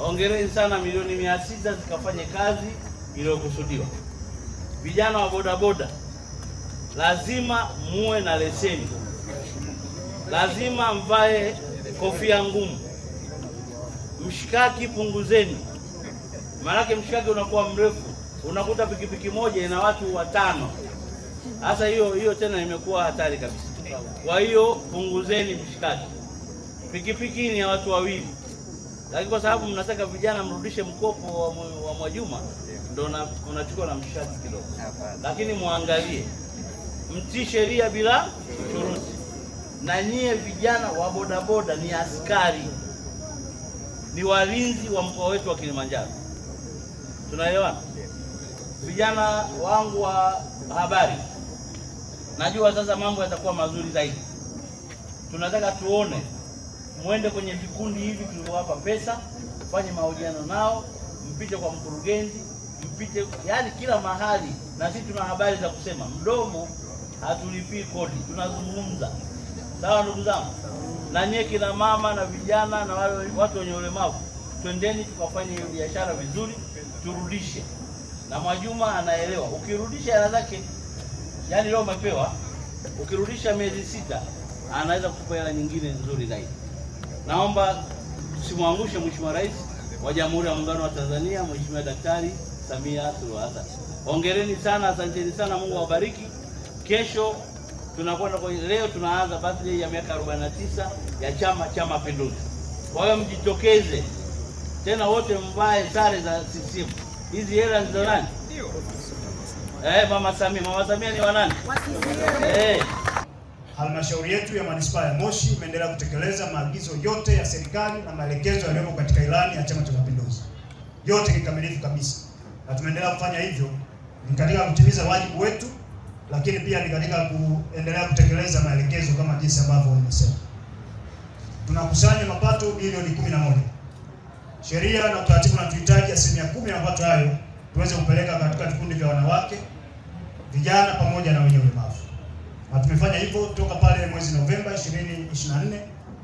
Hongereni sana, milioni mia sita zikafanye kazi iliyokusudiwa. Vijana wa bodaboda lazima muwe na leseni, lazima mvae kofia ngumu. Mshikaki punguzeni, maanake mshikaki unakuwa mrefu, unakuta pikipiki moja ina watu watano. Sasa hiyo hiyo tena imekuwa hatari kabisa. Kwa hiyo punguzeni mshikaki, pikipiki ni ya watu wawili lakini kwa sababu mnataka vijana mrudishe mkopo wa Mwajuma ndio unachukua na mshati kidogo, lakini muangalie, mtii sheria bila shuruti. Na nyie vijana wa bodaboda ni askari, ni walinzi wa mkoa wetu wa Kilimanjaro. Tunaelewana vijana wangu wa habari? Najua sasa mambo yatakuwa mazuri zaidi, tunataka tuone mwende kwenye vikundi hivi tulivyowapa pesa, fanye mahojiano nao, mpite kwa mkurugenzi, mpite yani kila mahali. Na sisi tuna habari za kusema, mdomo hatulipii kodi, tunazungumza. Sawa ndugu zangu, na nyie kina mama na vijana na wale watu wenye ulemavu, twendeni tukafanye hiyo biashara vizuri, turudishe. Na Mwajuma anaelewa, ukirudisha hela zake, yani leo umepewa, ukirudisha miezi sita, anaweza kukupa hela nyingine nzuri zaidi. Naomba simwangushe Mheshimiwa Rais wa Jamhuri ya Muungano wa Tanzania, Mheshimiwa Daktari Samia Suluhu Hassan. Hongereni sana, asanteni sana, Mungu awabariki. Kesho tunakwenda leo tunaanza birthday ya miaka 49 ya Chama cha Mapinduzi. Kwa hiyo mjitokeze tena wote, mvae sare za CCM. Hizi hela ni za nani? Eh, Mama Samia. Mama Samia ni wa nani? Eh. Halmashauri yetu ya manispaa ya Moshi imeendelea kutekeleza maagizo yote ya serikali na maelekezo yaliyopo katika ilani ya Chama cha Mapinduzi, yote kikamilifu kabisa, na tumeendelea kufanya hivyo ni katika kutimiza wajibu wetu, lakini pia ni katika kuendelea kutekeleza maelekezo kama jinsi ambavyo nimesema. Tunakusanya mapato bilioni moja. Sheria na utaratibu unatuhitaji asilimia kumi ya mapato hayo tuweze kupeleka katika vikundi vya wanawake, vijana pamoja na wenye ulemavu na tumefanya hivyo toka pale mwezi Novemba 2024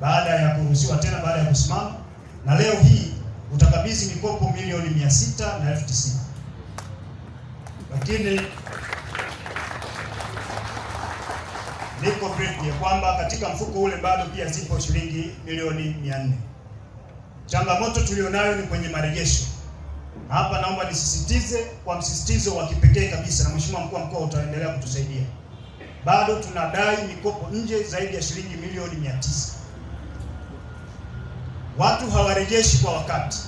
baada ya kuruhusiwa tena baada ya kusimama, na leo hii utakabidhi mikopo milioni mia sita na elfu tisini lakini niko brief ya kwamba katika mfuko ule bado pia zipo shilingi milioni 400. Changamoto tulionayo ni kwenye marejesho. Hapa naomba nisisitize kwa msisitizo wa kipekee kabisa, na Mheshimiwa Mkuu wa Mkoa utaendelea kutusaidia bado tunadai mikopo nje zaidi ya shilingi milioni mia tisa. Watu hawarejeshi kwa wakati,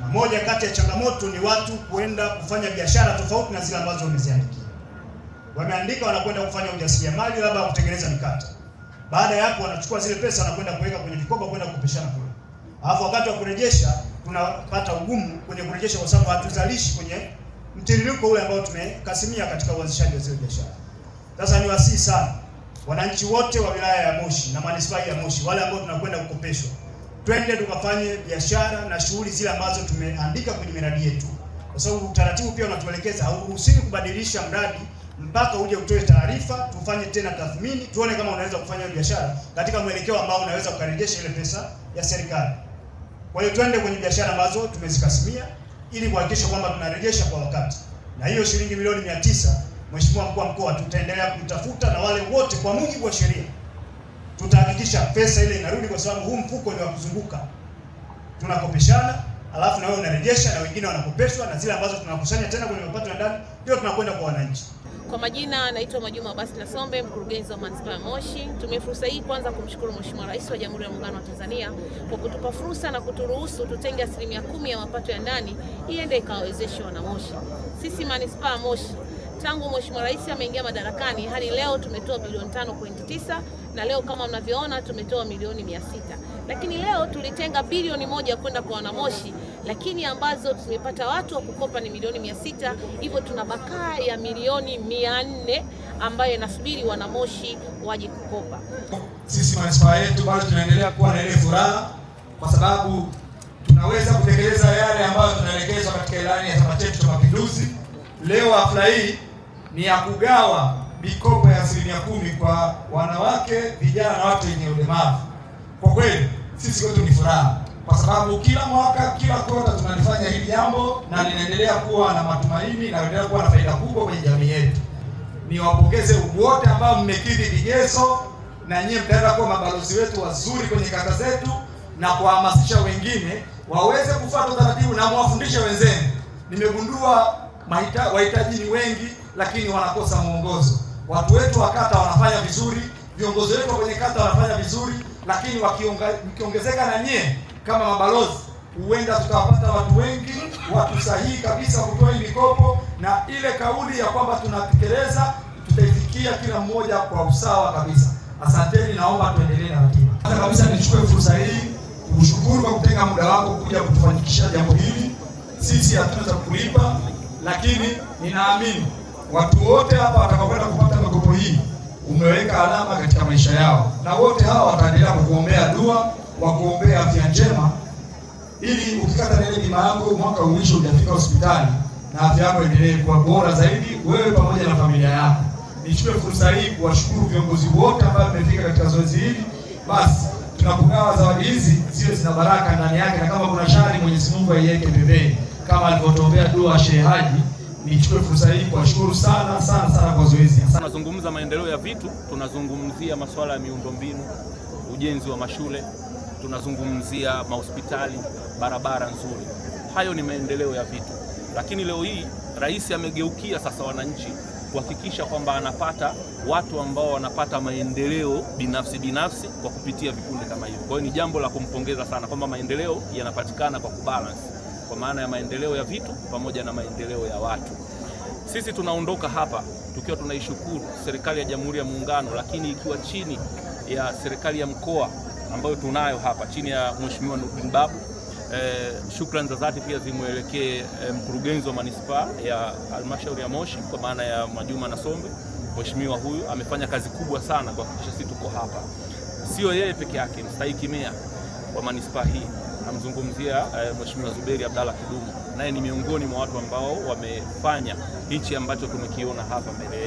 na moja kati ya changamoto ni watu kuenda kufanya biashara tofauti na zile ambazo wameziandikia. Wameandika wanakwenda kufanya ujasiriamali, labda kutengeneza mikate. Baada ya hapo, wanachukua zile pesa wanakwenda kuweka kwenye vikoba, kwenda kupishana kule, alafu wakati wa kurejesha tunapata ugumu kwenye kurejesha, kwa sababu hatuzalishi kwenye mtiririko ule ambao tumekasimia katika uanzishaji wa zile biashara. Sasa ni wasii sana wananchi wote wa wilaya ya Moshi na manispaa ya Moshi, wale ambao tunakwenda kukopeshwa, twende tukafanye biashara na shughuli zile ambazo tumeandika kwenye miradi yetu, kwa sababu utaratibu pia unatuelekeza hauruhusiwi kubadilisha mradi mpaka uje utoe taarifa, tufanye tena tathmini, tuone kama unaweza kufanya biashara katika mwelekeo ambao unaweza kukarejesha ile pesa ya serikali. Kwa hiyo twende kwenye biashara ambazo tumezikasimia ili kuhakikisha kwamba tunarejesha kwa wakati, na hiyo shilingi milioni mia tisa Mheshimiwa mkuu wa mkoa, tutaendelea kutafuta na wale wote, kwa mujibu wa sheria tutahakikisha pesa ile inarudi, kwa sababu huu mfuko ni wa kuzunguka. Tunakopeshana alafu na wewe unarejesha na wengine wanakopeshwa, na zile ambazo tunakusanya tena kwenye mapato ya ndani ndio tunakwenda kwa wananchi. Kwa majina anaitwa Majuma Abasi Nasombe, mkurugenzi wa manispaa ya Moshi. Tumia fursa hii kwanza kumshukuru Mheshimiwa Rais wa Jamhuri ya Muungano wa Tanzania kwa kutupa fursa na kuturuhusu tutenge asilimia kumi ya mapato ya ndani iende ikawawezeshe Moshi. Sisi manispaa ya Moshi tangu Mheshimiwa Rais ameingia madarakani hadi leo tumetoa bilioni 5.9 na leo kama mnavyoona tumetoa milioni 600, lakini leo tulitenga bilioni moja kwenda kwa wanamoshi, lakini ambazo tumepata watu wa kukopa ni milioni 600, hivyo tuna bakaa ya milioni 400 ambayo inasubiri wanamoshi waje kukopa. Sisi manispaa yetu bado tunaendelea kuwa na ile furaha kwa sababu tunaweza kutekeleza yale ambayo tunaelekezwa katika ilani ya Chama chetu cha Mapinduzi. Leo hafla hii ni ya kugawa mikopo ya asilimia kumi kwa wanawake, vijana na watu wenye ulemavu. Kwa kweli sisi kwetu ni furaha, kwa sababu kila mwaka, kila kota tunalifanya hili jambo na linaendelea kuwa na matumaini na linaendelea kuwa na faida kubwa kwenye jamii yetu. Niwapongeze wote ambao mmekidhi vigezo, na nyie mtaenda kuwa mabalozi wetu wazuri kwenye kata zetu na kuwahamasisha wengine waweze kufuata utaratibu na mwafundishe wenzenu. Nimegundua mahita, wahitaji ni wengi, lakini wanakosa mwongozo. Watu wetu wa kata wanafanya vizuri, viongozi wetu kwenye kata wanafanya vizuri, lakini mkiongezeka na nyie kama mabalozi, huenda tutawapata watu wengi, watu sahihi kabisa kutoa mikopo, na ile kauli ya kwamba tunatekeleza, tutaifikia kila mmoja kwa usawa kabisa. Asanteni, naomba tuendelee na ratiba. Hata kabisa nichukue fursa hii kushukuru kwa kutenga muda wako kuja kutufanikisha jambo hili. Sisi hatuna za kulipa lakini ninaamini watu wote hapa watakapoenda kupata mikopo hii umeweka alama katika maisha yao, na wote hawa wataendelea kukuombea dua, wakuombea afya njema, ili ukikata nile bima yako mwaka uisho ujafika hospitali na afya yako endelee kuwa bora zaidi, wewe pamoja na familia yako. Nichukue fursa hii kuwashukuru viongozi wote ambao wamefika katika zoezi hili. Basi tunakugawa zawadi hizi, ziwe zina baraka ndani yake, na kama kuna shari, Mwenyezi Mungu aiweke pembeni kama alivyotuombea dua Sheikh Haji. Nichukue fursa hii kuwashukuru sana sana sana kwa zoezi. Tunazungumza maendeleo ya vitu, tunazungumzia masuala ya miundombinu, ujenzi wa mashule, tunazungumzia mahospitali, barabara nzuri. Hayo ni maendeleo ya vitu, lakini leo hii rais amegeukia sasa wananchi kuhakikisha kwamba anapata watu ambao wanapata maendeleo binafsi binafsi kwa kupitia vikundi kama hivyo. Kwa hiyo ni jambo la kumpongeza sana kwamba maendeleo yanapatikana kwa kubalance kwa maana ya maendeleo ya vitu pamoja na maendeleo ya watu. Sisi tunaondoka hapa tukiwa tunaishukuru serikali ya Jamhuri ya Muungano, lakini ikiwa chini ya serikali ya mkoa ambayo tunayo hapa chini ya Mheshimiwa Nurdin Babu. Eh, shukrani za dhati pia zimwelekee eh, mkurugenzi wa manispaa ya halmashauri ya Moshi kwa maana ya Mwajuma Nasombe. Mheshimiwa huyu amefanya kazi kubwa sana kuhakikisha sisi tuko hapa. Sio yeye peke yake, mstahiki meya wa manispaa hii namzungumzia eh, Mheshimiwa Zuberi Abdalla Kidumu, naye ni miongoni mwa watu ambao wamefanya hichi ambacho tumekiona hapa mbele